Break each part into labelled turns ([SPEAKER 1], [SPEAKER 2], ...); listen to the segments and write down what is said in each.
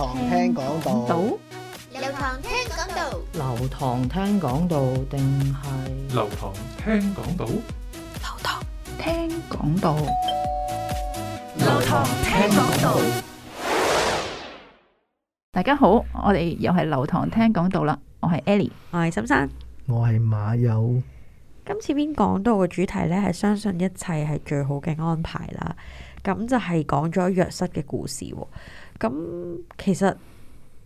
[SPEAKER 1] 堂聽講道，
[SPEAKER 2] 流堂聽講道，流堂聽講道定係流堂聽
[SPEAKER 3] 講道，流堂聽講道，流堂聽講道。大家好，我哋又係流
[SPEAKER 2] 堂聽講道啦。我係 Ellie，我係沈生，
[SPEAKER 1] 我係馬友。
[SPEAKER 2] 今次篇講道嘅主題呢，係相信一切係最好嘅安排啦。咁就係講咗約瑟嘅故事。咁其實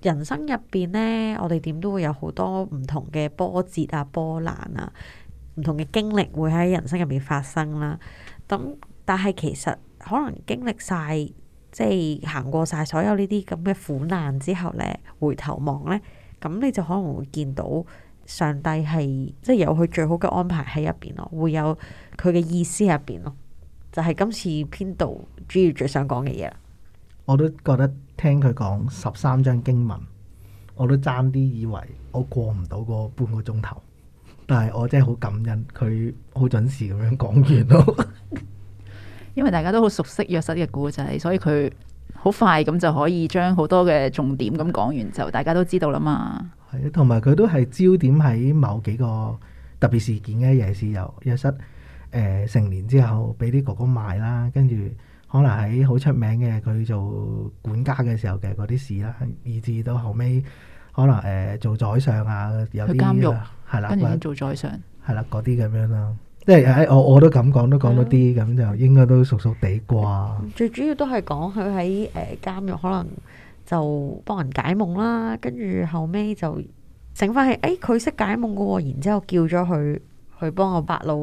[SPEAKER 2] 人生入邊呢，我哋點都會有好多唔同嘅波折啊、波瀾啊，唔同嘅經歷會喺人生入邊發生啦、啊。咁但係其實可能經歷晒，即係行過晒所有呢啲咁嘅苦難之後呢，回頭望呢，咁你就可能會見到上帝係即係有佢最好嘅安排喺入邊咯，會有佢嘅意思入邊咯，就係、是、今次編導主要最想講
[SPEAKER 1] 嘅嘢。我都覺得聽佢講十三章經文，我都差啲以為我過唔到嗰半個鐘頭，但係我真係好感恩佢好準時咁樣講完咯。
[SPEAKER 3] 因為大家都好熟悉約瑟嘅故仔，所以佢好快咁就可以將好多嘅重點咁講完，就大家都知道啦嘛。
[SPEAKER 1] 係啊，同埋佢都係焦點喺某幾個特別事件嘅，尤其是由約瑟、呃、成年之後俾啲哥哥賣啦，跟住。可能喺好出名嘅，佢做管家嘅時候嘅嗰啲事啦，以至到後尾，可能誒、呃、做宰相啊，有啲監獄係啦，跟住做宰相係啦嗰啲咁樣啦。即係誒，我我都咁講，都講到啲咁就應該都熟熟哋啩。
[SPEAKER 2] 最主要都係講佢喺誒監獄，可能就幫人解夢啦。跟住、嗯、後尾就整翻係誒，佢、哎、識解夢嘅喎，然之後叫咗佢去幫我八佬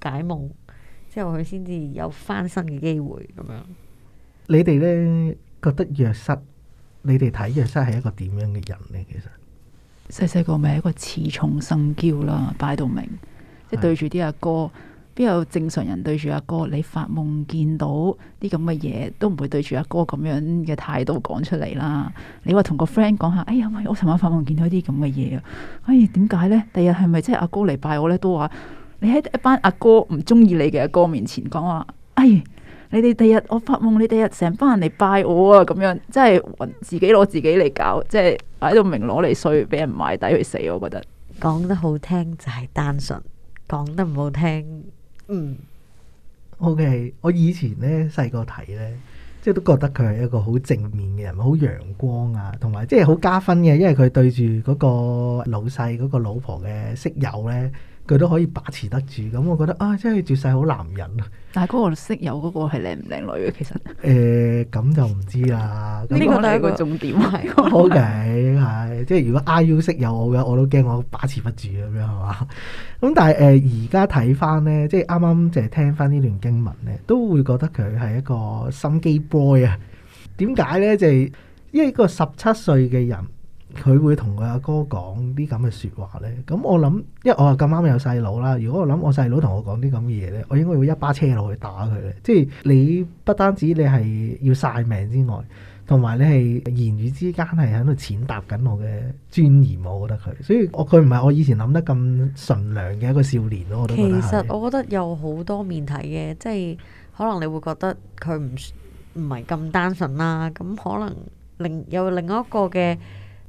[SPEAKER 2] 解夢。之後佢先至有翻身嘅機會咁樣。
[SPEAKER 1] 你哋呢覺得約瑟，你哋睇約瑟係一個點樣嘅人呢？其實，細細個
[SPEAKER 3] 咪係一個恃寵生嬌啦，擺到明，即係對住啲阿哥，邊有正常人對住阿哥？你發夢見到啲咁嘅嘢，都唔會對住阿哥咁樣嘅態度講出嚟。啦，你話同個 friend 講下，哎呀，我尋晚發夢見到啲咁嘅嘢啊，哎呀，點解呢？第日係咪即係阿哥嚟拜我呢？都話。你喺一班阿哥唔中意你嘅阿哥面前講話，哎，你哋第日我發夢，你第日成班人嚟拜我啊！咁樣，即係自己攞自己嚟搞，即係喺度明攞嚟衰，俾人賣低去死，我覺得。
[SPEAKER 2] 講得好聽就係單純，講得唔好聽，嗯。
[SPEAKER 1] OK，我以前呢細個睇呢，即係都覺得佢係一個好正面嘅人，好陽光啊，同埋即係好加分嘅，因為佢對住嗰個老細嗰個老婆嘅室友呢。佢都可以把持得住，咁我覺得啊、哎，真係絕世好男人啊！但係嗰
[SPEAKER 3] 個識友嗰個係靚唔靚女嘅？其
[SPEAKER 1] 實誒，咁就唔知啦。呢個都係一個重
[SPEAKER 2] 點嚟。好嘅、
[SPEAKER 1] okay，係即係如果 IU 識有我嘅，我都驚我把持不住咁樣係嘛？咁但係誒，而家睇翻咧，即係啱啱就係聽翻呢段經文咧，都會覺得佢係一個心機 boy 啊！點解咧？就係因為個十七歲嘅人。佢會同佢阿哥講啲咁嘅説話呢。咁我諗，因為我又咁啱有細佬啦。如果我諗我細佬同我講啲咁嘅嘢呢，我應該會一巴車落去打佢嘅。即係你不單止你係要晒命之外，同埋你係言語之間係喺度踐踏緊我嘅尊嚴。我覺得佢，所以我佢唔係我以前諗得咁純良嘅一個少年咯。我都覺得係。其實
[SPEAKER 2] 我覺得有好多面睇嘅，即係可能你會覺得佢唔唔係咁單純啦、啊。咁可能另有另一個嘅。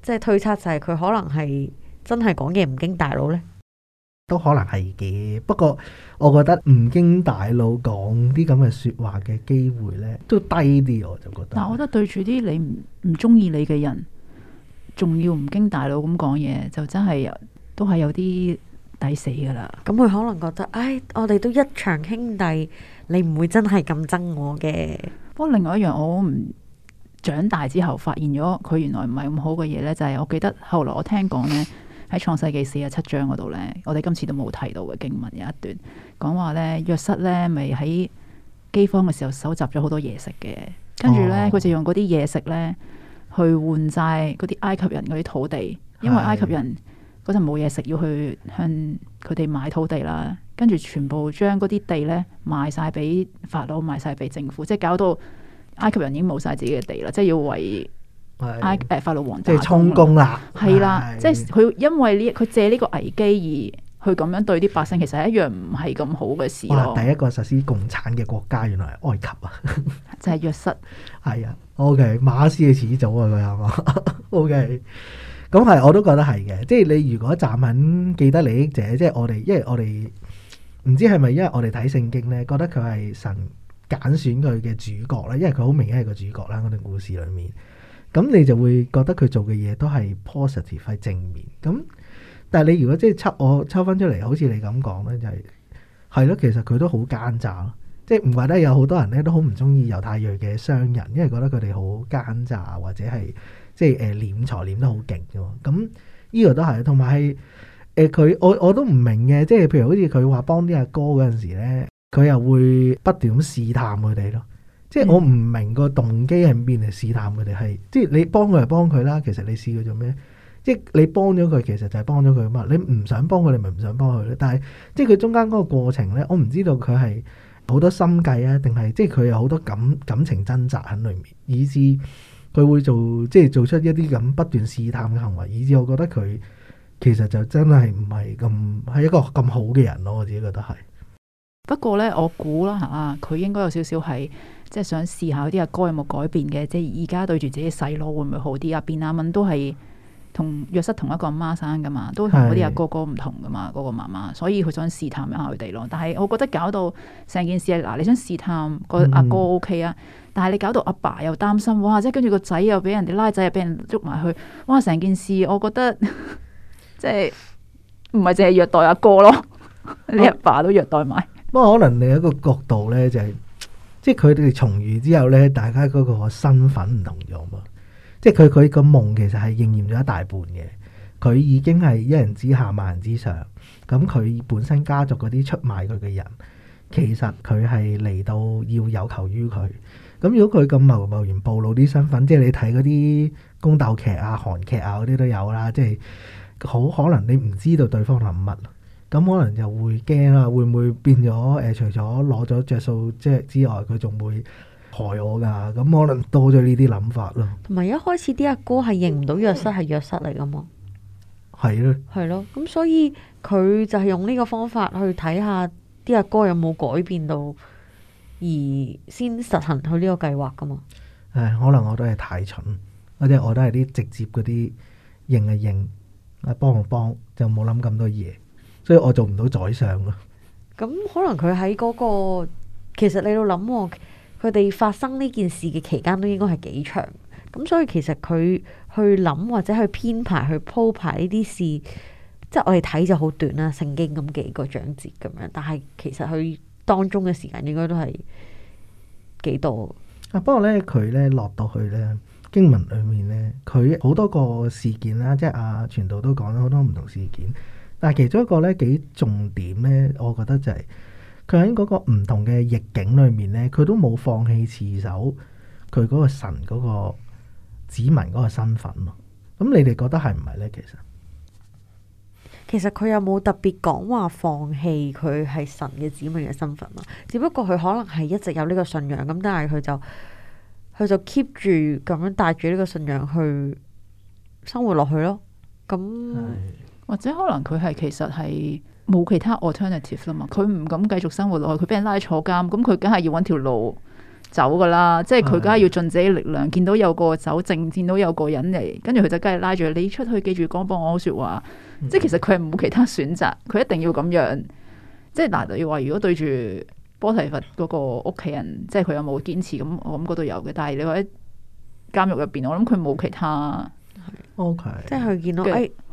[SPEAKER 2] 即係推測，就係佢可能係真係講嘢唔經大腦呢？
[SPEAKER 1] 都可能係嘅。不過我覺得唔經大腦講啲咁嘅說話嘅機會呢都低啲。我就覺得嗱，
[SPEAKER 3] 我覺得對住啲你唔唔中意你嘅人，仲要唔經大腦
[SPEAKER 2] 咁講嘢，就真係都係有啲抵死噶啦。咁佢可能覺得，唉，我哋都一場兄弟，你唔會真係咁憎我嘅。不過另外一樣，
[SPEAKER 3] 我唔。長大之後發現咗佢原來唔係咁好嘅嘢呢就係、是、我記得後來我聽講呢，喺創世紀四十七章嗰度呢，我哋今次都冇提到嘅經文有一段講話呢約瑟呢咪喺饑荒嘅時候搜集咗好多嘢食嘅，
[SPEAKER 1] 跟住呢，
[SPEAKER 3] 佢就用嗰啲嘢食呢去換晒嗰啲埃及人嗰啲土地，因為埃及人嗰陣冇嘢食要去向佢哋買土地啦，跟住全部將嗰啲地呢賣晒俾法老，賣晒俾政府，即係搞到。埃及人已經冇晒自己嘅地啦，即係要為埃誒法老王即係充公
[SPEAKER 1] 啦，係啦
[SPEAKER 3] 的，的即係佢因為呢，佢借呢個危機而去咁樣對啲百姓，其實一樣唔係咁好嘅事。第
[SPEAKER 1] 一個實施共產嘅國家，原來係埃及啊， 就係約瑟。係啊，O K，馬斯嘅始祖啊，佢係嘛？O K，咁係我都覺得係嘅，即係你如果站喺既得利益者，即係我哋，因為我哋唔知係咪因為我哋睇聖經咧，覺得佢係神。揀選佢嘅主角啦，因為佢好明顯係個主角啦，我哋故事裏面，咁你就會覺得佢做嘅嘢都係 positive，係正面。咁但係你如果即係抽我抽翻出嚟，好似你咁講咧，就係係咯，其實佢都好奸詐咯。即係唔怪得有好多人咧都好唔中意猶太裔嘅商人，因為覺得佢哋好奸詐或者係即係誒斂財斂得好勁嘅。咁呢個都係，同埋誒佢我我都唔明嘅，即係譬如好似佢話幫啲阿哥嗰陣時咧。佢又會不斷咁試探佢哋咯，即係我唔明個動機喺邊嚟試探佢哋，係即係你幫佢係幫佢啦，其實你試佢做咩？即係你幫咗佢，其實就係幫咗佢嘛。你唔想幫佢，你咪唔想幫佢咯。但係即係佢中間嗰個過程咧，我唔知道佢係好多心計啊，定係即係佢有好多感感情掙扎喺裏面，以至佢會做即係做出一啲咁不斷試探嘅行為，以至我覺得佢其實就真係唔係咁係一個咁好嘅人咯，我自己覺得係。
[SPEAKER 3] 不過咧，我估啦吓，佢、啊、應該有少少係即係想試下啲阿哥有冇改變嘅，即係而家對住自己細佬會唔會好啲啊？便雅憫都係同約瑟同一個阿媽生噶嘛，都同嗰啲阿哥哥唔同噶嘛，嗰個媽媽，所以佢想試探一下佢哋咯。但係我覺得搞到成件事，嗱、啊，你想試探個阿哥，哥 OK 啊，嗯、但係你搞到阿爸又擔心，哇！即係跟住個仔又俾人哋拉仔，又俾人捉埋去，哇！成件事我覺得呵呵即係唔係淨係虐待阿哥咯， 你阿爸都虐待
[SPEAKER 1] 埋。 咁可能另一個角度咧，就是，就係即係佢哋重遇之後咧，大家嗰個身份唔同咗嘛。即係佢佢個夢其實係應驗咗一大半嘅。佢已經係一人之下萬人之上。咁佢本身家族嗰啲出賣佢嘅人，其實佢係嚟到要有求於佢。咁如果佢咁貿貿然暴露啲身份，即係你睇嗰啲宮鬥劇啊、韓劇啊嗰啲都有啦。即係好可能你唔知道對方諗乜。咁、嗯、可能就會驚啦，會唔會變咗？誒、呃，除咗攞咗着數即係之外，佢仲會害我㗎。咁、嗯、可能多咗呢啲諗法咯。
[SPEAKER 2] 同埋一開始啲阿哥係認唔到約瑟係約瑟嚟㗎嘛，
[SPEAKER 1] 係咯、嗯，
[SPEAKER 2] 係咯。咁所以佢就係用呢個方法去睇下啲阿哥有冇改變到，而先實行佢呢個計劃㗎嘛。
[SPEAKER 1] 誒，可能我都係太蠢，或者我都係啲直接嗰啲認就認，啊幫唔幫，就冇諗咁多嘢。所以我做唔到宰相咯。
[SPEAKER 2] 咁可能佢喺嗰個，其實你度諗、哦，佢哋發生呢件事嘅期間都應該係幾長。咁所以其實佢去諗或者去編排、去鋪排呢啲事，即係我哋睇就好短啦，聖經咁幾個章節咁樣。但係其實佢當中嘅時間應該都係幾多。
[SPEAKER 1] 啊，不過咧，佢咧落到去咧，經文裏面咧，佢好多個事件啦，即係啊，傳道都講咗好多唔同事件。但係其中一個咧，幾重點咧，我覺得就係佢喺嗰個唔同嘅逆境裏面咧，佢都冇放棄持守，佢嗰個神嗰個子民嗰個身份咯。咁你哋覺得係唔係咧？其實
[SPEAKER 2] 其實佢有冇特別講話放棄佢係神嘅子民嘅身份？只不過佢可能係一直有呢個信仰咁，但係佢就佢就 keep 住咁樣帶住呢個信仰去生活落去咯。
[SPEAKER 3] 咁。或者可能佢係其實係冇其他 alternative 啦嘛，佢唔敢繼續生活落去，佢俾人拉坐監，咁佢梗係要揾條路走噶啦，即係佢梗係要盡自己力量，見到有個走證，見到有個人嚟，跟住佢就梗係拉住你出去，記住講幫我說話，即係其實佢係冇其他選擇，佢一定要咁樣。即係嗱，你話如果對住波提佛嗰個屋企人，即係佢有冇堅持，咁我諗嗰度有嘅。但係你
[SPEAKER 2] 話喺監獄入邊，我諗佢冇其他 Okay.。O K，即係佢見到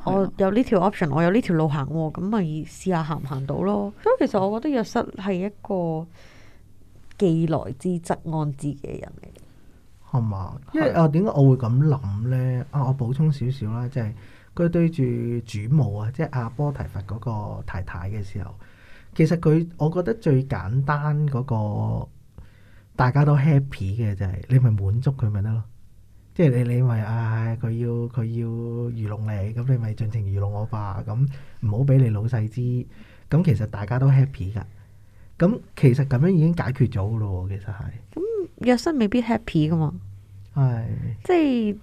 [SPEAKER 2] 我有呢條 option，我有呢條路行，咁咪試下行唔行到咯。所以其實我覺得約瑟係一個既來之則安之嘅人嚟。
[SPEAKER 1] 係嘛？因為是啊，點解我會咁諗呢？啊，我補充少少啦，即係佢對住主母啊，即係阿波提佛嗰個太太嘅時候，其實佢我覺得最簡單嗰個大家都 happy 嘅就係你咪滿足佢咪得咯。即係你，你咪唉，佢要佢要愚弄你，咁你咪盡情愚弄我吧，咁唔好俾你老細知，咁其實大家都 happy 㗎。咁其實咁樣已經解決咗咯喎，其實係咁，
[SPEAKER 2] 約瑟未必 happy 㗎嘛，係唉即係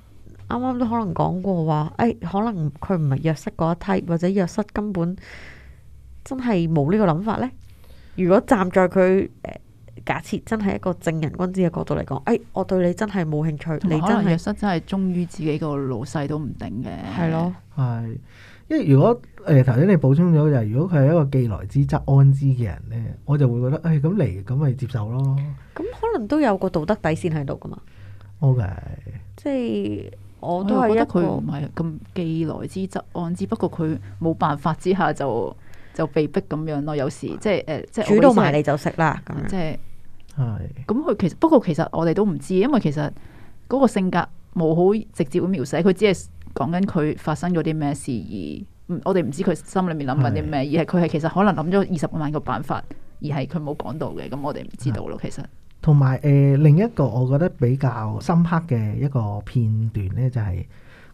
[SPEAKER 2] 啱啱都可能講過話誒、哎、可能佢唔係約瑟嗰一梯，或者約瑟根本真係冇呢個諗法咧，如果站在佢誒。假設真係一個正人君子嘅角度嚟講，誒、哎，我對你
[SPEAKER 3] 真係冇興趣，你真係真係忠於自己個老細都唔定嘅，係咯的，
[SPEAKER 1] 係，因為如果誒頭先你補充咗就係如果佢係一個既來之則安之嘅人咧，我就會覺得誒咁嚟，咁咪接受咯。
[SPEAKER 2] 咁可能都有個道德底線喺度噶嘛？O Okay , K，即係我
[SPEAKER 3] 都係覺得佢
[SPEAKER 2] 唔係咁既來之則
[SPEAKER 3] 安之，不過佢冇辦法之下就就被逼咁樣咯。有時即係誒、呃、即係煮到埋你就食、是、啦，咁即係。係，咁佢是其實不過其實我哋都唔知，因為其實嗰個性格冇好直接咁描寫，佢只係講緊佢發生咗啲咩事而，我哋唔知佢心裏面諗緊啲咩，是而係佢係其實可能諗咗二十萬個辦法，而係佢冇講到嘅，咁我哋唔知道咯。是其實
[SPEAKER 1] 同埋誒，另一個我覺得比較深刻嘅一個片段呢，就係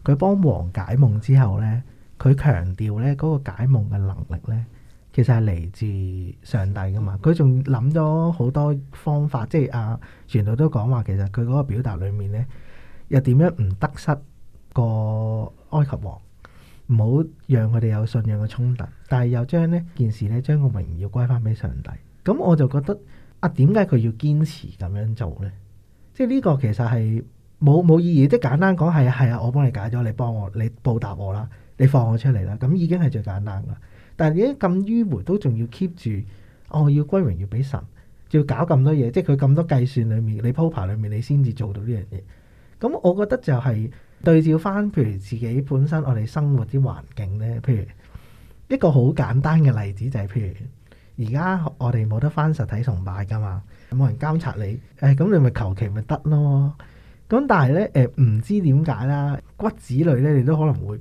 [SPEAKER 1] 佢幫王解夢之後呢，佢強調呢嗰個解夢嘅能力呢。其實係嚟自上帝噶嘛？佢仲諗咗好多方法，即係啊，全部都講話，其實佢嗰個表達裏面咧，又點樣唔得失個埃及王，唔好讓佢哋有信仰嘅衝突，但係又將呢件事咧，將個榮耀歸翻俾上帝。咁我就覺得啊，點解佢要堅持咁樣做咧？即係呢個其實係冇冇意義，即係簡單講係係啊，我幫你解咗，你幫我，你報答我啦，你放我出嚟啦，咁已經係最簡單噶。但係你啲咁迂迴都仲要 keep 住，哦要歸榮要俾神，仲要搞咁多嘢，即係佢咁多計算裡面，你鋪排裡面你先至做到呢樣嘢。咁、嗯、我覺得就係對照翻，譬如自己本身我哋生活啲環境咧，譬如一個好簡單嘅例子就係譬如而家我哋冇得翻實體崇拜㗎嘛，冇人監察你，誒、哎、咁你咪求其咪得咯。咁、嗯、但係咧誒唔知點解啦，骨子裏咧你都可能會。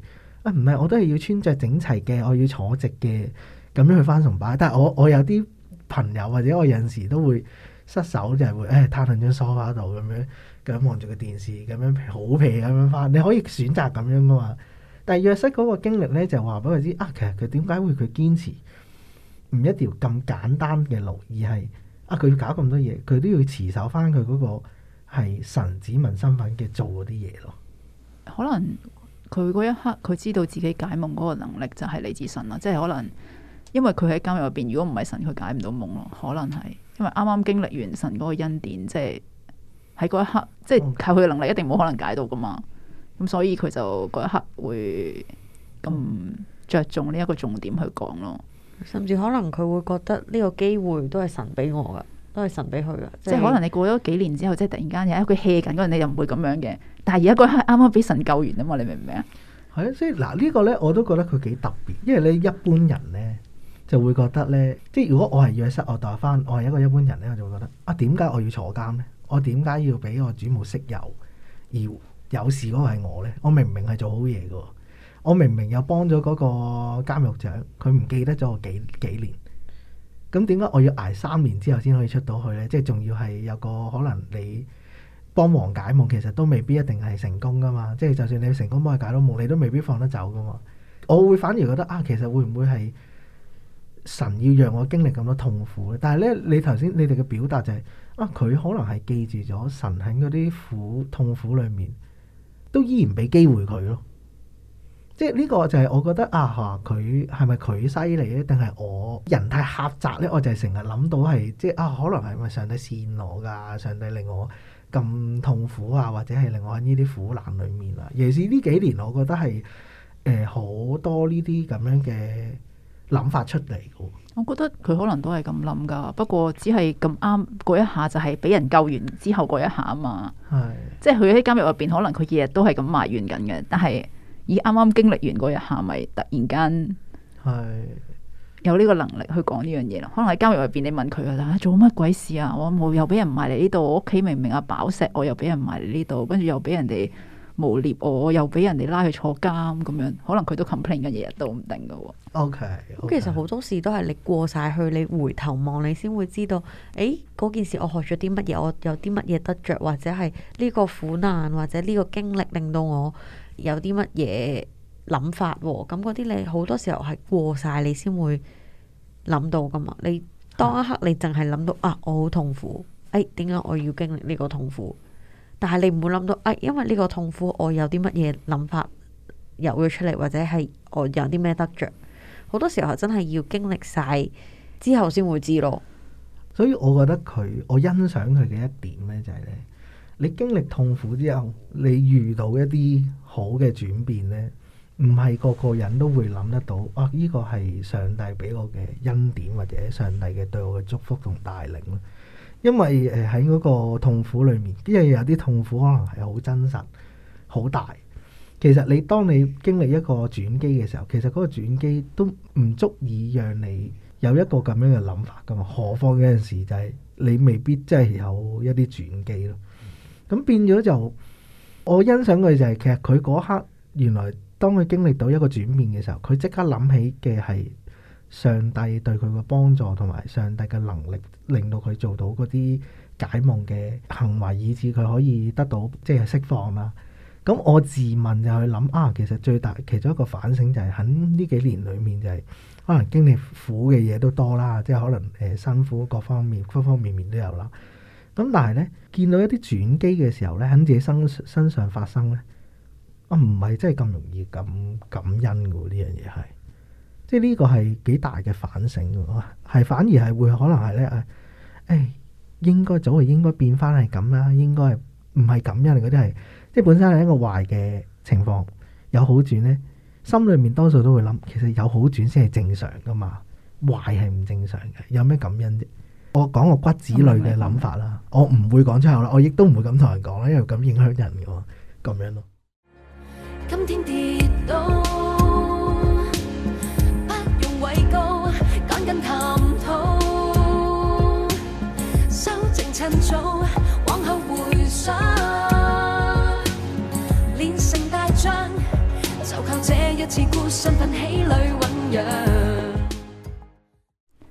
[SPEAKER 1] 唔係、啊，我都係要穿着整齊嘅，我要坐直嘅，咁樣去翻崇拜。但係我我有啲朋友或者我有陣時都會失手，就係、是、會誒癱喺張梳化度咁樣，咁望住個電視咁樣好屁咁樣翻。你可以選擇咁樣噶嘛？但係約瑟嗰個經歷呢，就話，俾佢知啊，其實佢點解會佢堅持唔一條咁簡單嘅路，而係啊佢要搞咁多嘢，佢都要持守翻佢嗰個係神子民身份嘅做嗰啲嘢咯。
[SPEAKER 3] 可能。佢嗰一刻，佢知道自己解夢嗰個能力就係嚟自神啦，即係可能因為佢喺監獄入邊，如果唔係神，佢解唔到夢咯。可能係因為啱啱經歷完神嗰個恩典，即係喺嗰一刻，即係靠佢嘅能力一定冇可能解到噶嘛。咁所以佢就嗰一刻會咁
[SPEAKER 2] 着重呢一個重點去講咯。甚至可能佢會覺得呢個機會都係神俾我噶。都係神俾佢噶，即係可能你
[SPEAKER 3] 過咗幾年之後，即係突然間有一句 hea 緊嗰陣，你就唔會咁樣嘅。但係而家嗰刻啱啱俾神救
[SPEAKER 1] 完啊嘛，你明唔明啊？
[SPEAKER 2] 係啊，所以嗱，呢個咧我
[SPEAKER 1] 都覺得佢幾特別，因為咧一般人咧就會覺得咧，即係如果我係約瑟，惡道翻，我係一個一般人咧，我就會覺得啊，點解我要坐監咧？我點解要俾我主母色誘而有事嗰個係我咧？我明明係做好嘢噶，我明明又幫咗嗰個監獄長，佢唔記得咗我幾幾年。咁點解我要捱三年之後先可以出到去呢？即係仲要係有個可能你幫忙解夢，其實都未必一定係成功噶嘛。即係就算你成功幫佢解到夢，你都未必放得走噶嘛。我會反而覺得啊，其實會唔會係神要讓我經歷咁多痛苦呢？但係呢，你頭先你哋嘅表達就係、是、啊，佢可能係記住咗神喺嗰啲苦痛苦裡面都依然俾機會佢咯。即係呢個就係我覺得啊，佢係咪佢犀利咧？定係我人太狹窄咧？我就係成日諗到係即係啊，可能係咪上帝憐我㗎？上帝令我咁痛苦啊，或者係令我喺呢啲苦難裡面啊？尤其是呢幾年，我覺得係誒好多呢啲咁樣嘅諗法出嚟嘅。
[SPEAKER 3] 我覺得佢可能都係咁諗㗎，不過只係咁啱嗰一下就係俾人救完之後嗰一下啊嘛。係，即係佢喺監獄入邊，可能佢日日都係咁埋怨緊嘅，但係。以啱啱經歷完嗰日，係咪突然間有呢個能力去講呢樣嘢啦。可能喺監獄入邊，你問佢啊，做乜鬼事啊？我冇又俾人賣嚟呢度，我屋企明明啊飽石，我又俾人賣嚟呢度，跟住又俾人哋誣蔑我，又俾人哋拉去坐監咁樣。可能佢都 complain
[SPEAKER 2] 緊，嘢，日都唔定㗎喎。
[SPEAKER 1] OK，咁 OK。
[SPEAKER 2] 其實好多事都係你過晒去，你回頭望，你先會知道。誒，嗰件事我學咗啲乜嘢？我有啲乜嘢得着，或者係呢個苦難，或者呢個經歷令到我。有啲乜嘢諗法喎、哦？咁嗰啲你好多時候係過晒，你先會諗到噶嘛？你當一刻你淨係諗到啊，啊，我好痛苦，誒、哎，點解我要經歷呢個痛苦？但係你唔會諗到誒、哎，因為呢個痛苦，我有啲乜嘢諗法游咗出嚟，或者係我有啲咩得着？好多時候真係要經歷晒之後先會知咯。
[SPEAKER 1] 所以我覺得佢，我欣賞佢嘅一點呢、就是，就係你經歷痛苦之後，你遇到一啲。好嘅轉變呢，唔係個個人都會諗得到。哇！呢個係上帝俾我嘅恩典，或者上帝嘅對我嘅祝福同帶領咯。因為誒喺嗰個痛苦裏面，因為有啲痛苦可能係好真實、好大。其實你當你經歷一個轉機嘅時候，其實嗰個轉機都唔足以讓你有一個咁樣嘅諗法噶嘛。何況有陣時就係你未必真係有一啲轉機咯。咁變咗就～我欣賞佢就係、是、其實佢嗰刻原來當佢經歷到一個轉變嘅時候，佢即刻諗起嘅係上帝對佢嘅幫助同埋上帝嘅能力，令到佢做到嗰啲解夢嘅行為，以致佢可以得到即係、就是、釋放啦。咁我自問就去諗啊，其實最大其中一個反省就係喺呢幾年裡面就係可能經歷苦嘅嘢都多啦，即、就、係、是、可能誒、呃、辛苦各方面方方面面都有啦。咁但係咧，見到一啲轉機嘅時候咧，喺自己身身上發生咧，我唔係真係咁容易咁感感恩噶喎，呢樣嘢係，即係呢個係幾大嘅反省，係反而係會可能係咧，誒，應該早係應該變翻係咁啦，應該唔係感恩嚟，嗰啲係，即係本身係一個壞嘅情況，有好轉咧，心裏面多數都會諗，其實有好轉先係正常噶嘛，壞係唔正常嘅，有咩感恩啫？我講我骨子裡嘅諗法啦，我唔會講出口啦，我亦都唔會咁同人講啦，
[SPEAKER 2] 因為咁影響人嘅嘛，咁樣囉。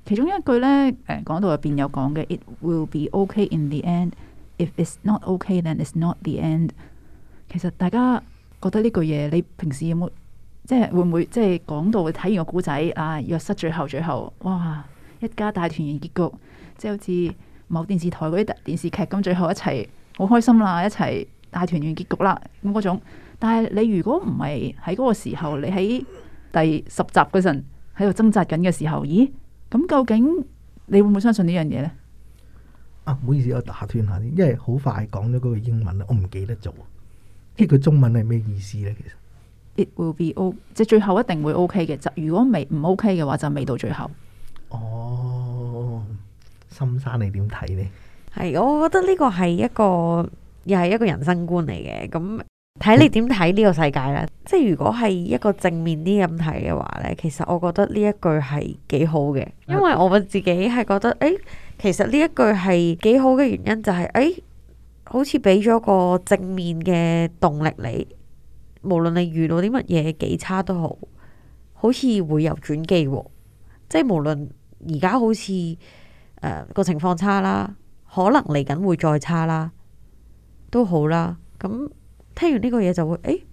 [SPEAKER 3] 其中一句咧，誒講到入邊有講嘅，It will be okay in the end. If it's not okay, then it's not the end. 其實大家覺得呢句嘢，你平時有冇即係會唔會即係講到睇完個故仔啊？約瑟最後最後，哇！一家大團圓結局，即係好似某電視台嗰啲電視劇咁，最後一齊好開心啦，一齊大團圓結局啦咁嗰種。但係你如果唔係喺嗰個時候，你喺第十集嗰陣喺度掙扎緊嘅時候，咦？咁究竟你會唔會相信呢樣嘢呢？
[SPEAKER 1] 啊，唔好意思，我打斷下你，因為好快講咗嗰個英文啦，我唔記得咗。即係佢中文係咩意思呢？其
[SPEAKER 3] 實。It will be O，即係最後一定會 O K 嘅。就如果未唔 O K 嘅話，就未到最後。
[SPEAKER 1] 哦，深山，你點睇呢？
[SPEAKER 2] 係，我覺得呢個係一個，又係一個人生觀嚟嘅。咁、嗯。睇你點睇呢個世界啦，即係如果係一個正面啲咁睇嘅話呢，其實我覺得呢一句係幾好嘅，因為我自己係覺得誒、欸，其實呢一句係幾好嘅原因就係、是、誒、欸，好似俾咗個正面嘅動力你，無論你遇到啲乜嘢幾差都好，好似會有轉機、喔，即係無論而家好似誒個情況差啦，可能嚟緊會再差啦，都好啦，咁。聽完呢個嘢就會，誒、欸，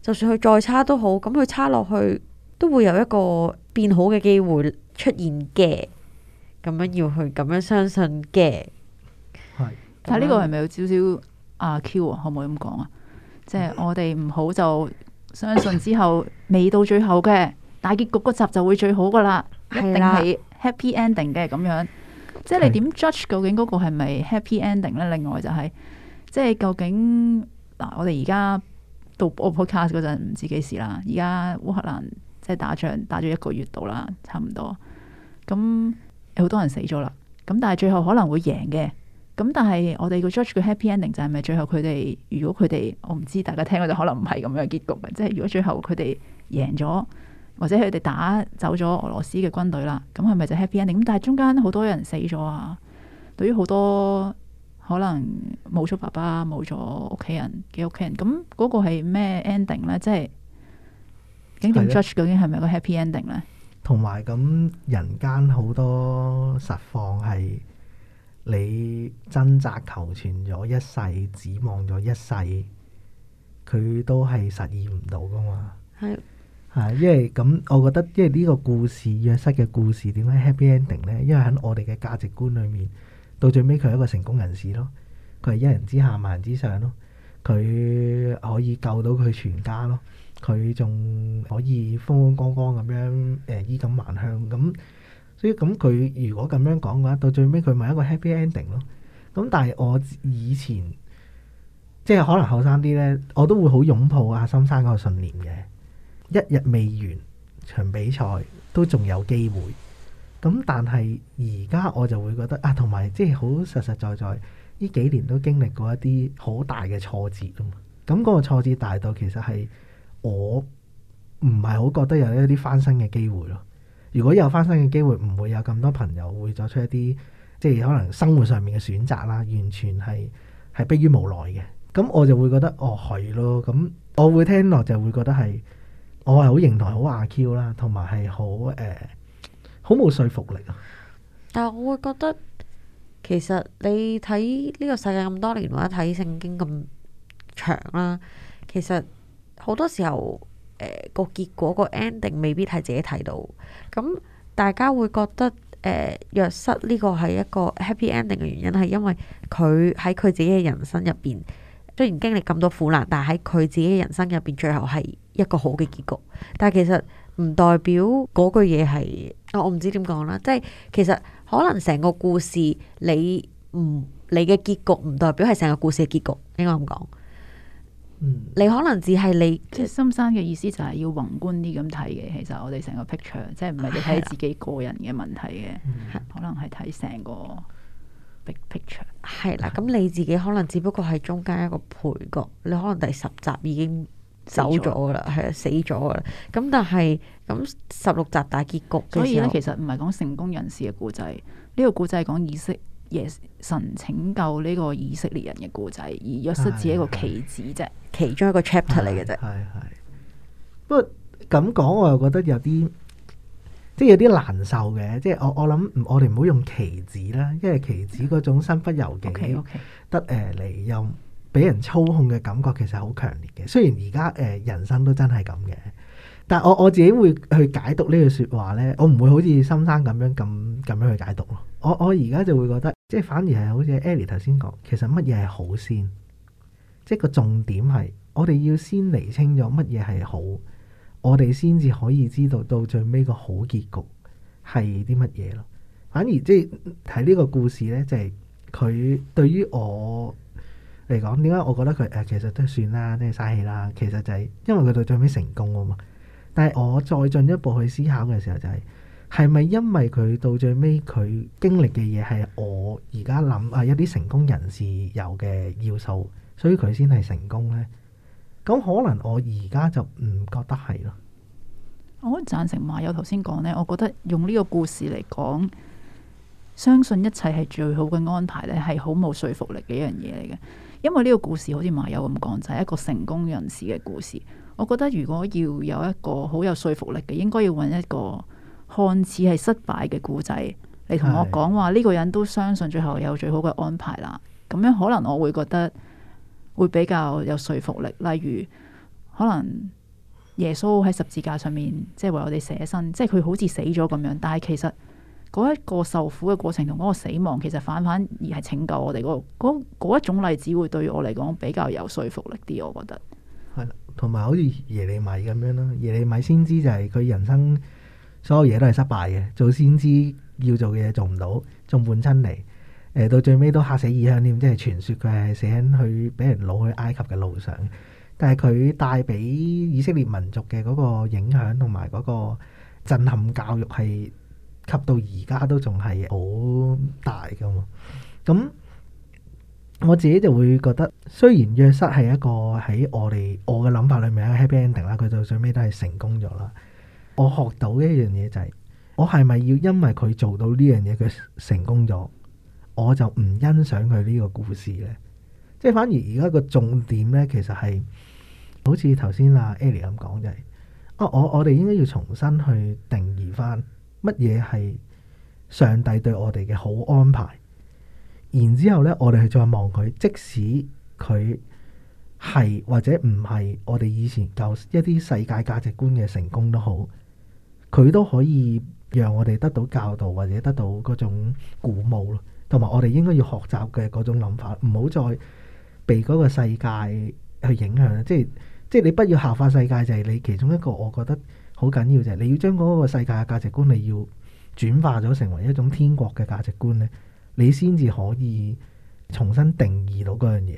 [SPEAKER 2] 就算佢再差都好，咁佢差落去都會有一個變好嘅機會出現嘅，咁樣要去咁樣相信嘅。係是，嗯、但係呢個係咪有少少阿 Q 啊？可
[SPEAKER 3] 唔可以咁講啊？即係我哋唔好就相信之後 未到最後嘅大結局個集就會最好噶啦，一定係 happy ending 嘅咁的樣。即係你點 judge 的究竟嗰個係咪 happy ending 咧？另外就係、是，即係究竟。嗱，我哋而家到 Podcast 嗰陣唔知幾時啦。而家烏克蘭即係打仗打咗一個月到啦，差唔多。咁有好多人死咗啦。咁但係最後可能會贏嘅。咁但係我哋個 judge 嘅 happy ending 就係咪最後佢哋，如果佢哋，我唔知大家聽過，就可能唔係咁樣嘅結局。即係如果最後佢哋贏咗，或者佢哋打走咗俄羅斯嘅軍隊啦，咁係咪就是 happy ending？咁但係中間好多人死咗啊。對於好多。可能冇咗爸爸，冇咗屋企人嘅屋企人，咁嗰個係咩 ending 咧？即係
[SPEAKER 1] 《
[SPEAKER 3] 警探 Judge 的》究竟係咪個 happy ending 咧？
[SPEAKER 1] 同埋咁人間好多實況係你掙扎求存咗一世，指望咗一世，佢都係實現唔到噶嘛？係啊的，因為咁，我覺得因為呢個故事，約瑟嘅故事，點解 happy ending 咧？因為喺我哋嘅價值觀裏面。到最尾佢係一個成功人士咯，佢係一人之下萬人之上咯，佢可以救到佢全家咯，佢仲可以風風光光咁樣誒衣錦還鄉咁，所以咁佢如果咁樣講嘅話，到最尾佢咪一個 happy ending 咯。咁但係我以前即係可能後生啲咧，我都會好擁抱阿深山嗰個信念嘅，一日未完場比賽都仲有機會。咁但係而家我就會覺得啊，同埋即係好實實在在呢幾年都經歷過一啲好大嘅挫折啊嘛！咁、那、嗰個挫折大到其實係我唔係好覺得有一啲翻身嘅機會咯。如果有翻身嘅機會，唔會有咁多朋友會作出一啲即係可能生活上面嘅選擇啦，完全係係迫於無奈嘅。咁我就會覺得哦係咯，咁我會聽落就會覺得係我係好認同，好阿 Q 啦，同埋係好誒。呃好冇說服力
[SPEAKER 2] 啊！但係我會覺得，其實你睇呢個世界咁多年，或者睇聖經咁長啦，其實好多時候誒個、呃、結果個 ending 未必係自己睇到。咁大家會覺得誒、呃、約瑟呢個係一個 happy ending 嘅原因，係因為佢喺佢自己嘅人生入邊，雖然經歷咁多苦難，但係喺佢自己嘅人生入邊，最後係一個好嘅結局。但係其實。唔代表嗰句嘢係，我唔知點講啦。即係其實可能成個故事，你唔、嗯、你嘅結局唔代表係成個故事嘅結局，應該咁講。嗯、你可能只係你即係深山嘅意思就係要宏觀啲咁睇嘅。
[SPEAKER 3] 其實我哋成個 picture 即係唔係你睇自己個人嘅問題嘅，的可能係睇成個
[SPEAKER 2] big picture。係啦，咁你自己可能只不過係中間一個配角，你可能第十集已經。死走咗了啦，係啊了，死咗啦。咁但係
[SPEAKER 3] 咁十六集大結局，所以咧其實唔係講成功人士嘅故仔，呢個故仔係講以色列神拯救呢個以色列人嘅故仔，而約瑟只係一個棋
[SPEAKER 2] 子啫，是是是是其中一個 chapter 嚟嘅啫。
[SPEAKER 1] 係係的。不過咁講我又覺得有啲，即、就、係、是、有啲難受嘅。即、就、係、是、我我諗我哋唔好用棋子啦，因為棋子嗰種身不由己，嗯、得誒嚟、okay, okay 呃、用。俾人操控嘅感覺其實好強烈嘅，雖然而家誒人生都真係咁嘅，但我我自己會去解讀呢句説話呢，我唔會好似心生咁樣咁咁樣去解讀咯。我我而家就會覺得，即係反而係好似 Ellie 頭先講，其實乜嘢係好先，即係個重點係我哋要先釐清咗乜嘢係好，我哋先至可以知道到最尾個好結局係啲乜嘢咯。反而即係睇呢個故事呢，就係、是、佢對於我。嚟講，點解我覺得佢誒、呃，其實都算啦，都嘥氣啦。其實就係因為佢到最尾成功啊嘛。但係我再進一步去思考嘅時候、就是，就係係咪因為佢到最尾，佢經歷嘅嘢係我而家諗啊，一啲成功人士有嘅要素，所以佢先係成功呢？咁可能我而家就唔覺得係咯。
[SPEAKER 3] 我可以贊成馬友頭先講呢，我覺得用呢個故事嚟講，相信一切係最好嘅安排呢係好冇說服力嘅一樣嘢嚟嘅。因為呢個故事好似馬友咁講，就係、是、一個成功人士嘅故事。我覺得如果要有一個好有說服力嘅，應該要揾一個看似係失敗嘅故仔嚟同我講話。呢、這個人都相信最後有最好嘅安排啦。咁樣可能我會覺得會比較有說服力。例如，可能耶穌喺十字架上面，即係為我哋捨身，即係佢好似死咗咁樣，但係其實。嗰一個受苦嘅過程同嗰個死亡，其實反反而係拯救我哋嗰嗰嗰一種例子，會對我嚟講比較有說服力啲。我覺得
[SPEAKER 1] 係啦，同埋好似耶利米咁樣咯，耶利米先知就係佢人生所有嘢都係失敗嘅，做先知要做嘅嘢做唔到，眾叛親離，誒、呃、到最尾都嚇死異鄉添，即係傳説佢係死喺去俾人攞去埃及嘅路上。但係佢帶俾以色列民族嘅嗰個影響同埋嗰個震撼教育係。及到而家都仲係好大噶嘛？咁我自己就會覺得，雖然約瑟係一個喺我哋我嘅諗法裏面喺 happy ending 啦，佢到最尾都係成功咗啦。我學到一樣嘢就係、是，我係咪要因為佢做到呢樣嘢佢成功咗，我就唔欣賞佢呢個故事咧？即係反而而家個重點咧，其實係好似頭先阿 Ali 咁講就係，啊我我哋應該要重新去定義翻。乜嘢係上帝對我哋嘅好安排？然之後呢，我哋去再望佢，即使佢係或者唔係我哋以前舊一啲世界價值觀嘅成功都好，佢都可以讓我哋得到教導或者得到嗰種鼓舞咯。同埋，我哋應該要學習嘅嗰種諗法，唔好再被嗰個世界去影響。即係即係，你不要效法世界，就係你其中一個，我覺得。好緊要就係，你要將嗰個世界嘅價值觀，你要轉化咗成為一種天國嘅價值觀咧，你先至可以重新定義到嗰樣嘢，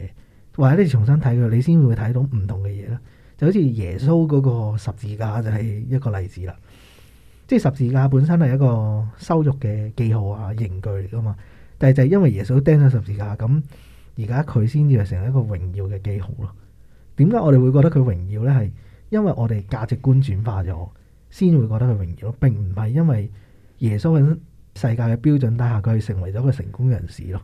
[SPEAKER 1] 或者你重新睇佢，你先會睇到唔同嘅嘢啦。就好似耶穌嗰個十字架就係一個例子啦。即係十字架本身係一個羞辱嘅記號啊，刑具嚟噶嘛。但係就係因為耶穌釘咗十字架，咁而家佢先至係成為一個榮耀嘅記號咯。點解我哋會覺得佢榮耀咧？係？因為我哋價值觀轉化咗，先會覺得佢榮耀咯。並唔係因為耶穌嘅世界嘅標準底下，佢成為咗一個成功人士咯。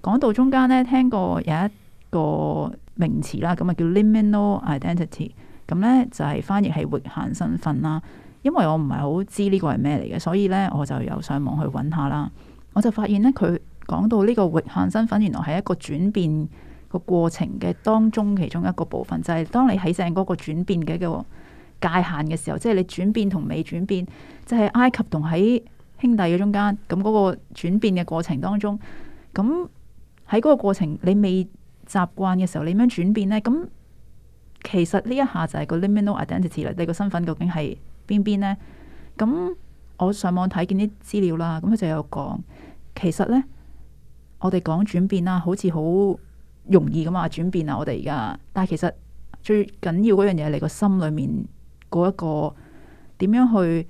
[SPEAKER 3] 講到中間呢，聽過有一個名詞啦，咁啊叫 liminal identity，咁呢，就係、是、翻譯係閾限身份啦。因為我唔係好知呢個係咩嚟嘅，所以呢，我就有上網去揾下啦。我就發現呢，佢講到呢個閾限身份，原來係一個轉變。個過程嘅當中，其中一個部分就係、是、當你喺正嗰個轉變嘅個界限嘅時候，即係你轉變同未轉變，即、就、係、是、埃及同喺兄弟嘅中間，咁嗰個轉變嘅過程當中，咁喺嗰個過程你未習慣嘅時候，你咩轉變呢？咁其實呢一下就係個 liminal identity，即係個身份究竟係邊邊呢？咁我上網睇見啲資料啦，咁佢就有講，其實呢，我哋講轉變啊，好似好容易噶嘛？轉變啊！我哋而家，但係其實最緊要嗰樣嘢係你個心裏面嗰、那、一個點樣去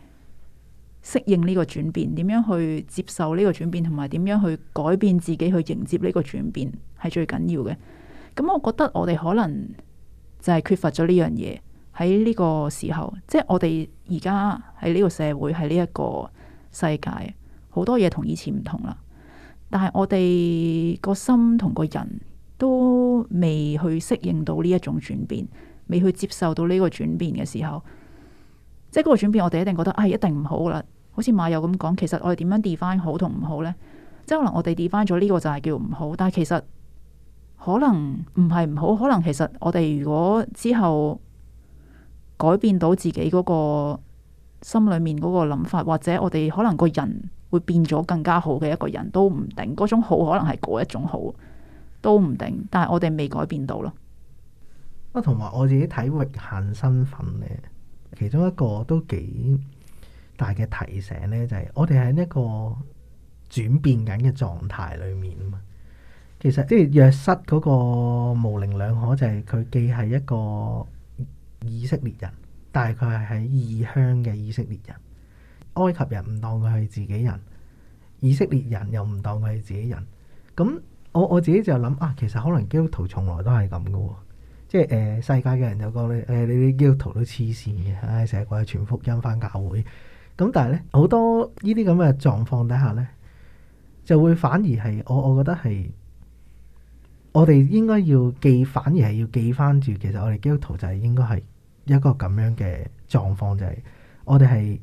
[SPEAKER 3] 適應呢個轉變，點樣去接受呢個轉變，同埋點樣去改變自己去迎接呢個轉變係最緊要嘅。咁、嗯、我覺得我哋可能就係缺乏咗呢樣嘢喺呢個時候，即係我哋而家喺呢個社會，喺呢一個世界，好多嘢同以前唔同啦。但係我哋個心同個人。都未去適應到呢一種轉變，未去接受到呢個轉變嘅時候，即係嗰個轉變，我哋一定覺得，哎，一定唔好啦。好似馬友咁講，其實我哋點樣 define 好同唔好呢？即係可能我哋 define 咗呢個就係叫唔好，但係其實可能唔係唔好，可能其實我哋如果之後改變到自己嗰個心裏面嗰個諗法，或者我哋可能個人會變咗更加好嘅一個人都唔定，嗰種好可能係嗰一種好。都唔定，但係我哋未改變到咯。
[SPEAKER 1] 啊，同埋我自己睇域限身份咧，其中一個都幾大嘅提醒咧，就係、是、我哋喺一個轉變緊嘅狀態裏面啊。其實即係約瑟嗰個模棱兩可，就係佢既係一個以色列人，但係佢係喺異鄉嘅以色列人，埃及人唔當佢係自己人，以色列人又唔當佢係自己人，咁。我我自己就諗啊，其實可能基督徒從來都係咁嘅，即係誒、呃、世界嘅人就講你誒，你啲基督徒都黐線嘅，誒成日掛住傳福音翻教會。咁但係咧，好多呢啲咁嘅狀況底下咧，就會反而係我我覺得係我哋應該要記，反而係要記翻住，其實我哋基督徒就係應該係一個咁樣嘅狀況，就係、是、我哋係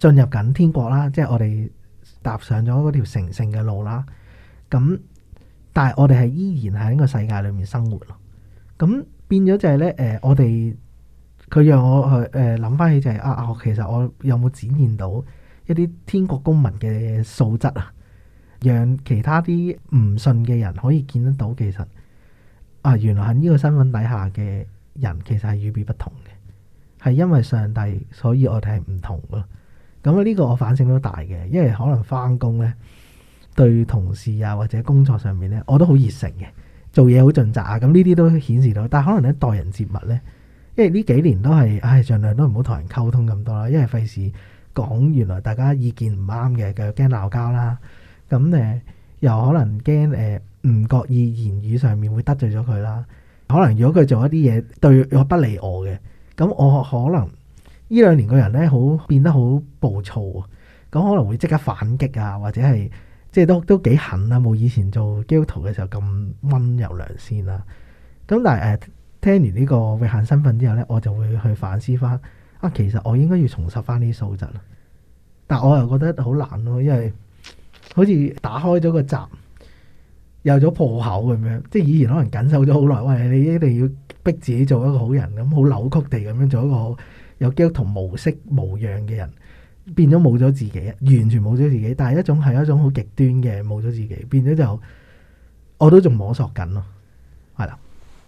[SPEAKER 1] 進入緊天國啦，即係我哋踏上咗嗰條成聖嘅路啦，咁。但係我哋係依然喺呢個世界裏面生活咯，咁變咗就係、是、咧，誒、呃，我哋佢讓我去誒諗翻起就係、是、啊，我、哦、其實我有冇展現到一啲天國公民嘅素質啊？讓其他啲唔信嘅人可以見得到，其實啊，原來喺呢個身份底下嘅人其實係與別不同嘅，係因為上帝，所以我哋係唔同嘅。咁呢個我反省都大嘅，因為可能翻工咧。對同事啊，或者工作上面咧，我都好熱誠嘅，做嘢好盡責啊。咁呢啲都顯示到，但係可能咧待人接物咧，因為呢幾年都係唉，儘、哎、量都唔好同人溝通咁多啦，因為費事講原來大家意見唔啱嘅，就驚鬧交啦。咁咧、呃、又可能驚誒唔覺意言語上面會得罪咗佢啦。可能如果佢做一啲嘢對我不利我嘅，咁我可能兩呢兩年個人咧好變得好暴躁啊。咁可能會即刻反擊啊，或者係～即係都都幾狠啦，冇以前做基督徒嘅時候咁溫柔良善啦。咁但係誒、呃，聽完呢個有限身份之後咧，我就會去反思翻啊，其實我應該要重拾翻呢啲素質啦。但係我又覺得好難咯，因為好似打開咗個閘，有咗破口咁樣。即係以前可能緊守咗好耐，喂，你一定要逼自己做一個好人咁，好扭曲地咁樣做一個有基督徒模式模樣嘅人。變咗冇咗自己，完全冇咗自己。但係一種係一種好極端嘅冇咗自己，變咗就我都仲摸索緊咯。係啦，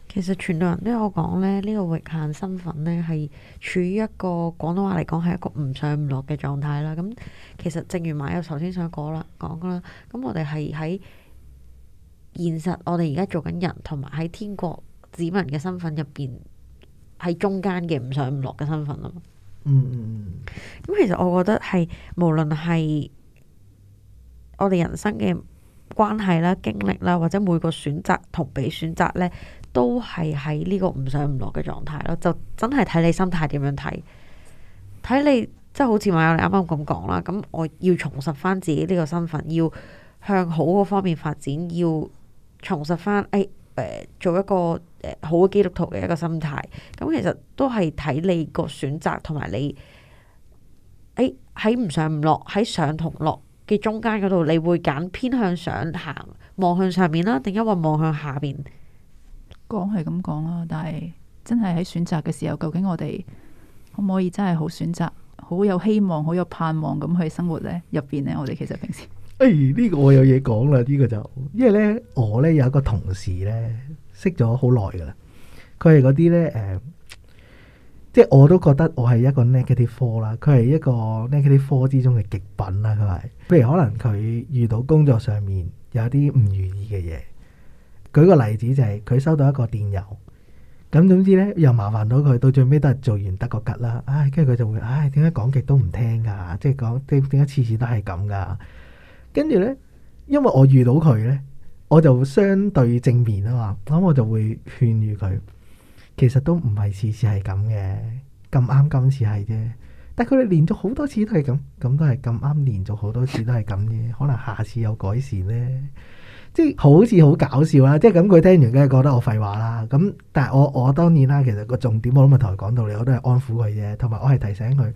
[SPEAKER 2] 其實全隊人都有講咧，呢、這個域限身份咧係處於一個廣東話嚟講係一個唔上唔落嘅狀態啦。咁其實正如馬友頭先想講啦，講啦，咁我哋係喺現實，我哋而家做緊人，同埋喺天國子民嘅身份入邊，喺中間嘅唔上唔落嘅身份啊。嗯，嗯，咁其實我覺得係無論係我哋人生嘅關係啦、經歷啦，或者每個選擇同被選擇呢，都係喺呢個唔上唔落嘅狀態咯。就真係睇你心態點樣睇，睇你即係好似馬友玲啱啱咁講啦。咁我要重拾翻自己呢個身份，要向好嗰方面發展，要重拾翻誒。哎做一個好嘅基督徒嘅一個心態，咁其實都係睇你個選擇，同埋你、哎、喺唔上唔落，喺上同落嘅中間嗰度，你會揀偏向上行，望向上面啦，定抑或望向下面？
[SPEAKER 3] 講係咁講啦，但係真係喺選擇嘅時候，究竟我哋可唔可以真係好選擇，好有希望，好有盼望咁去生活呢？入邊呢，我哋其實平時。
[SPEAKER 1] 誒，呢、哎這個我有嘢講啦，呢、這個就因為咧，我咧有一個同事咧，識咗好耐噶啦，佢係嗰啲咧誒，即係我都覺得我係一個 negative four 啦，佢係一個 negative four 之中嘅極品啦，佢係，譬如可能佢遇到工作上面有啲唔如意嘅嘢，舉個例子就係、是、佢收到一個電郵，咁總之咧又麻煩到佢，到最尾都係做完得個吉啦，唉、哎，跟住佢就會，唉、哎，點解講極都唔聽噶、啊，即係講點點解次次都係咁噶？跟住呢，因為我遇到佢呢，我就相對正面啊嘛，咁我就會勸喻佢。其實都唔係次次係咁嘅，咁啱今次係啫。但係佢哋連續好多次都係咁，咁都係咁啱，連續好多次都係咁啫。可能下次有改善呢，即係好似好搞笑啦。即係咁，佢聽完梗係覺得我廢話啦。咁但係我我當然啦，其實個重點我諗咪同佢講道理，我都係安撫佢啫，同埋我係提醒佢，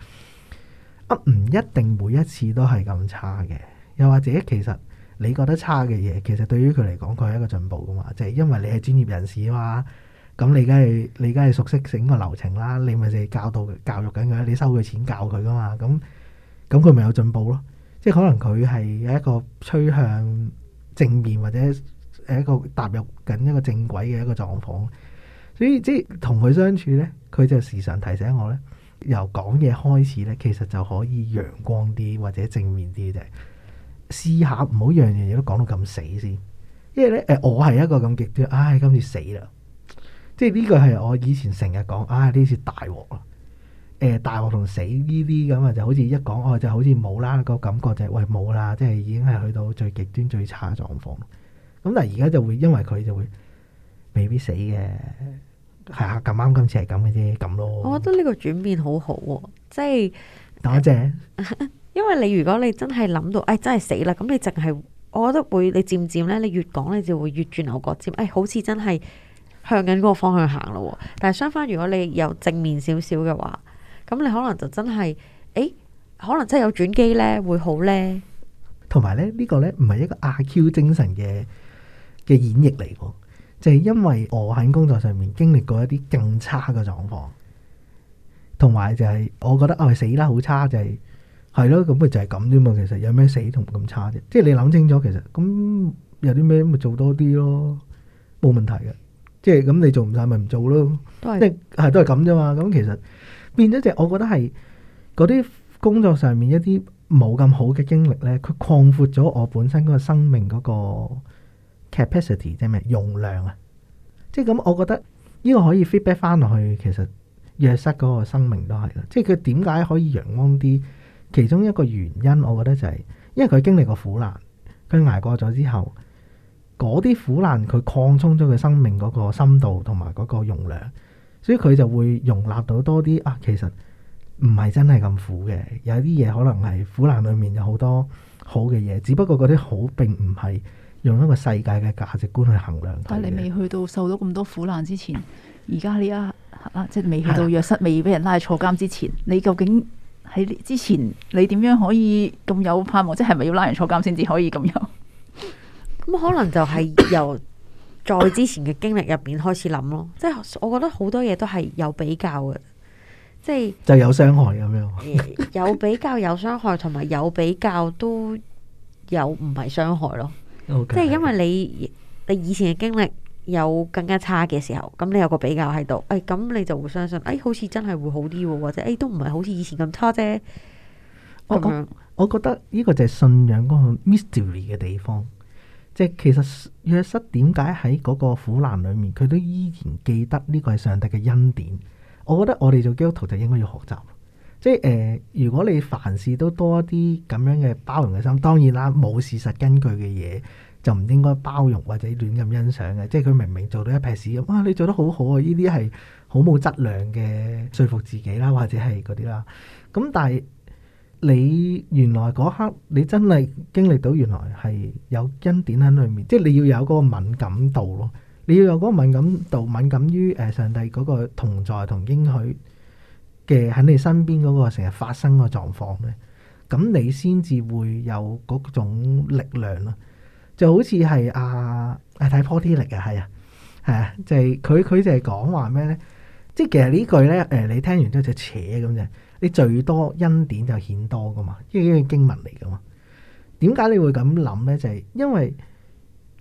[SPEAKER 1] 啊唔一定每一次都係咁差嘅。又或者其實你覺得差嘅嘢，其實對於佢嚟講，佢係一個進步噶嘛。即係因為你係專業人士啊嘛，咁你梗係你梗係熟悉整個流程啦。你咪就係教導教育緊佢，你收佢錢教佢噶嘛。咁咁佢咪有進步咯。即係可能佢係一個趨向正面或者係一個踏入緊一個正軌嘅一個狀況。所以即係同佢相處呢，佢就時常提醒我呢：由講嘢開始呢，其實就可以陽光啲或者正面啲嘅。思考唔好樣樣嘢都講到咁死先，因為咧誒，我係一個咁極端，唉、哎，今次死啦，即係呢個係我以前成日講，唉、哎，呢次大鑊、呃哎那個就是啊、咯，誒，大鑊同死呢啲咁啊，就好似一講，哦，就好似冇啦個感覺，就係喂冇啦，即係已經係去到最極端最差嘅狀況。咁但係而家就會因為佢就會未必死嘅，係啊，咁啱今次係咁嘅啫，咁咯。我覺
[SPEAKER 2] 得呢個轉變好好，即係多謝。 因為你如果你真係諗到，誒真係死啦，咁你淨係，我覺得會你漸漸咧，你越講你就會越轉牛角尖，誒好似真係向緊嗰個方向行咯。但係相反，如果你有正面少少嘅話，咁你可能就真係，誒可能真係有轉機咧，會好咧。
[SPEAKER 1] 同埋咧，呢、呢個咧唔係一個阿 Q 精神嘅嘅演繹嚟，就係、是、因為我喺工作上面經歷過一啲更差嘅狀況，同埋就係我覺得啊、哎、死啦好差就係、是。係咯，咁咪就係咁啫嘛。其實有咩死同咁差啫？即係你諗清楚，其實咁有啲咩咪做多啲咯，冇問題嘅。即係咁你做唔晒咪唔做咯，即係都係咁啫嘛。咁其實變咗隻，我覺得係嗰啲工作上面一啲冇咁好嘅經歷咧，佢擴闊咗我本身嗰個生命嗰個 capacity 即係咩容量啊。即係咁，我覺得呢個可以 feedback 翻落去，其實約瑟嗰個生命都係咯。即係佢點解可以陽光啲？其中一個原因，我覺得就係，因為佢經歷過苦難，佢捱過咗之後，嗰啲苦難佢擴充咗佢生命嗰個深度同埋嗰個容量，所以佢就會容納到多啲啊。其實唔係真係咁苦嘅，有啲嘢可能係苦難裏面有好多好嘅嘢，只不過嗰啲好並唔係用一個世界嘅價值觀去衡量。但係你
[SPEAKER 3] 未去到受到咁多苦難之前，而家呢一刻，即係未去到入室未俾人拉去坐監之前，你究竟？喺之前，你點樣可以咁有盼望？即係咪要拉人坐監先至可以咁有？
[SPEAKER 2] 咁、嗯、可能就係由再之前嘅經歷入邊開始諗咯。即係我覺得好多嘢都係有比較嘅，即係就有傷害咁樣。有比較有傷害，同埋 有，有，有比較都有唔係傷害咯。
[SPEAKER 1] Okay.
[SPEAKER 2] 即係因為你你以前嘅經歷。有更加差嘅時候，咁你有個比較喺度，誒、哎，咁你就會相信，誒、哎，好似真係會好啲，或者誒、哎，都唔係好似以前咁差啫。我覺這樣，
[SPEAKER 1] 我覺得呢個就係信仰嗰個 mystery 嘅地方，即係其實約瑟點解喺嗰個苦難裏面，佢都依然記得呢個係上帝嘅恩典。我覺得我哋做基督徒就應該要學習，即係誒、呃，如果你凡事都多一啲咁樣嘅包容嘅心，當然啦，冇事實根據嘅嘢。就唔應該包容或者亂咁欣賞嘅，即係佢明明做到一撇屎，哇！你做得好好啊，呢啲係好冇質量嘅説服自己啦，或者係嗰啲啦。咁但係你原來嗰刻，你真係經歷到原來係有恩典喺裏面，即係你要有嗰個敏感度咯，你要有嗰個敏感度，敏感於誒上帝嗰個同在同應許嘅喺你身邊嗰個成日發生嘅狀況咧，咁你先至會有嗰種力量咯。就好似係啊，睇 poetry 嚟嘅，係啊，係啊，啊，就係佢佢就係講話咩咧？即係其實句呢句咧，誒、呃，你聽完之後就扯咁啫，你最多恩典就顯多噶嘛？因呢經文嚟噶嘛？點解你會咁諗咧？就係、是、因為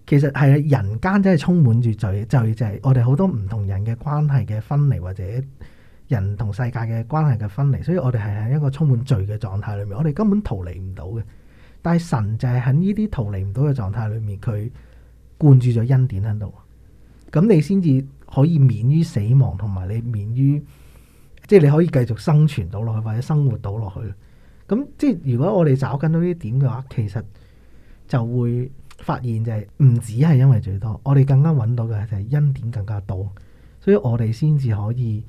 [SPEAKER 1] 其實係人間真係充滿住罪，罪就係我哋好多唔同人嘅關係嘅分離，或者人同世界嘅關係嘅分離。所以我哋係喺一個充滿罪嘅狀態裏面，我哋根本逃離唔到嘅。但係神就係喺呢啲逃離唔到嘅狀態裏面，佢灌注咗恩典喺度，咁你先至可以免於死亡，同埋你免於，即係你可以繼續生存到落去，或者生活到落去。咁即係如果我哋找緊到呢點嘅話，其實就會發現就係唔止係因為最多，我哋更加揾到嘅係就係恩典更加多，所以我哋先至可以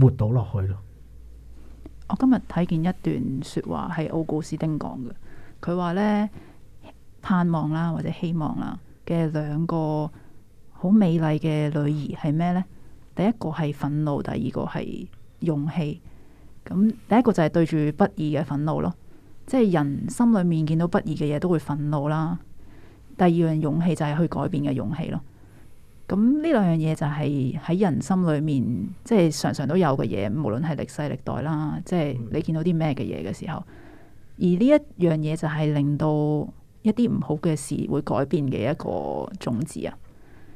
[SPEAKER 1] 活到落去咯。
[SPEAKER 3] 我今日睇見一段說話係奧古斯丁講嘅。佢話咧，盼望啦或者希望啦嘅兩個好美麗嘅女兒係咩呢？第一個係憤怒，第二個係勇氣。咁、嗯、第一個就係對住不義嘅憤怒咯，即係人心裏面見到不義嘅嘢都會憤怒啦。第二樣勇氣就係去改變嘅勇氣咯。咁、嗯、呢兩樣嘢就係喺人心裏面，即係常常都有嘅嘢，無論係歷世歷代啦，即係你見到啲咩嘅嘢嘅時候。而呢一樣嘢就係令到一啲唔好嘅事會改變嘅一個種子啊，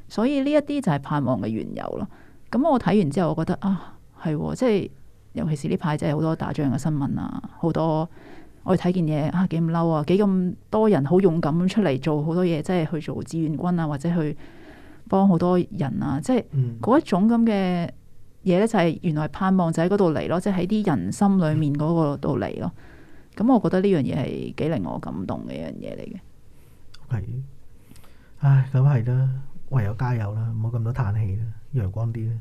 [SPEAKER 3] 所以呢一啲就係盼望嘅緣由咯。咁我睇完之後，我覺得啊，係即係尤其是呢排真係好多打仗嘅新聞啊，好多我哋睇件嘢啊幾咁嬲啊，幾咁多人好勇敢咁出嚟做好多嘢，即係去做志願軍啊，或者去幫好多人啊，即係嗰一種咁嘅嘢咧，就係、是、原來盼望就喺嗰度嚟咯，即係喺啲人心裡面嗰個度嚟咯。嗯咁、嗯、我覺得呢樣嘢係幾令我感動嘅一樣嘢嚟嘅。係，
[SPEAKER 1] 唉，咁係啦，唯有加油啦，唔好咁多嘆氣啦，陽光啲啦。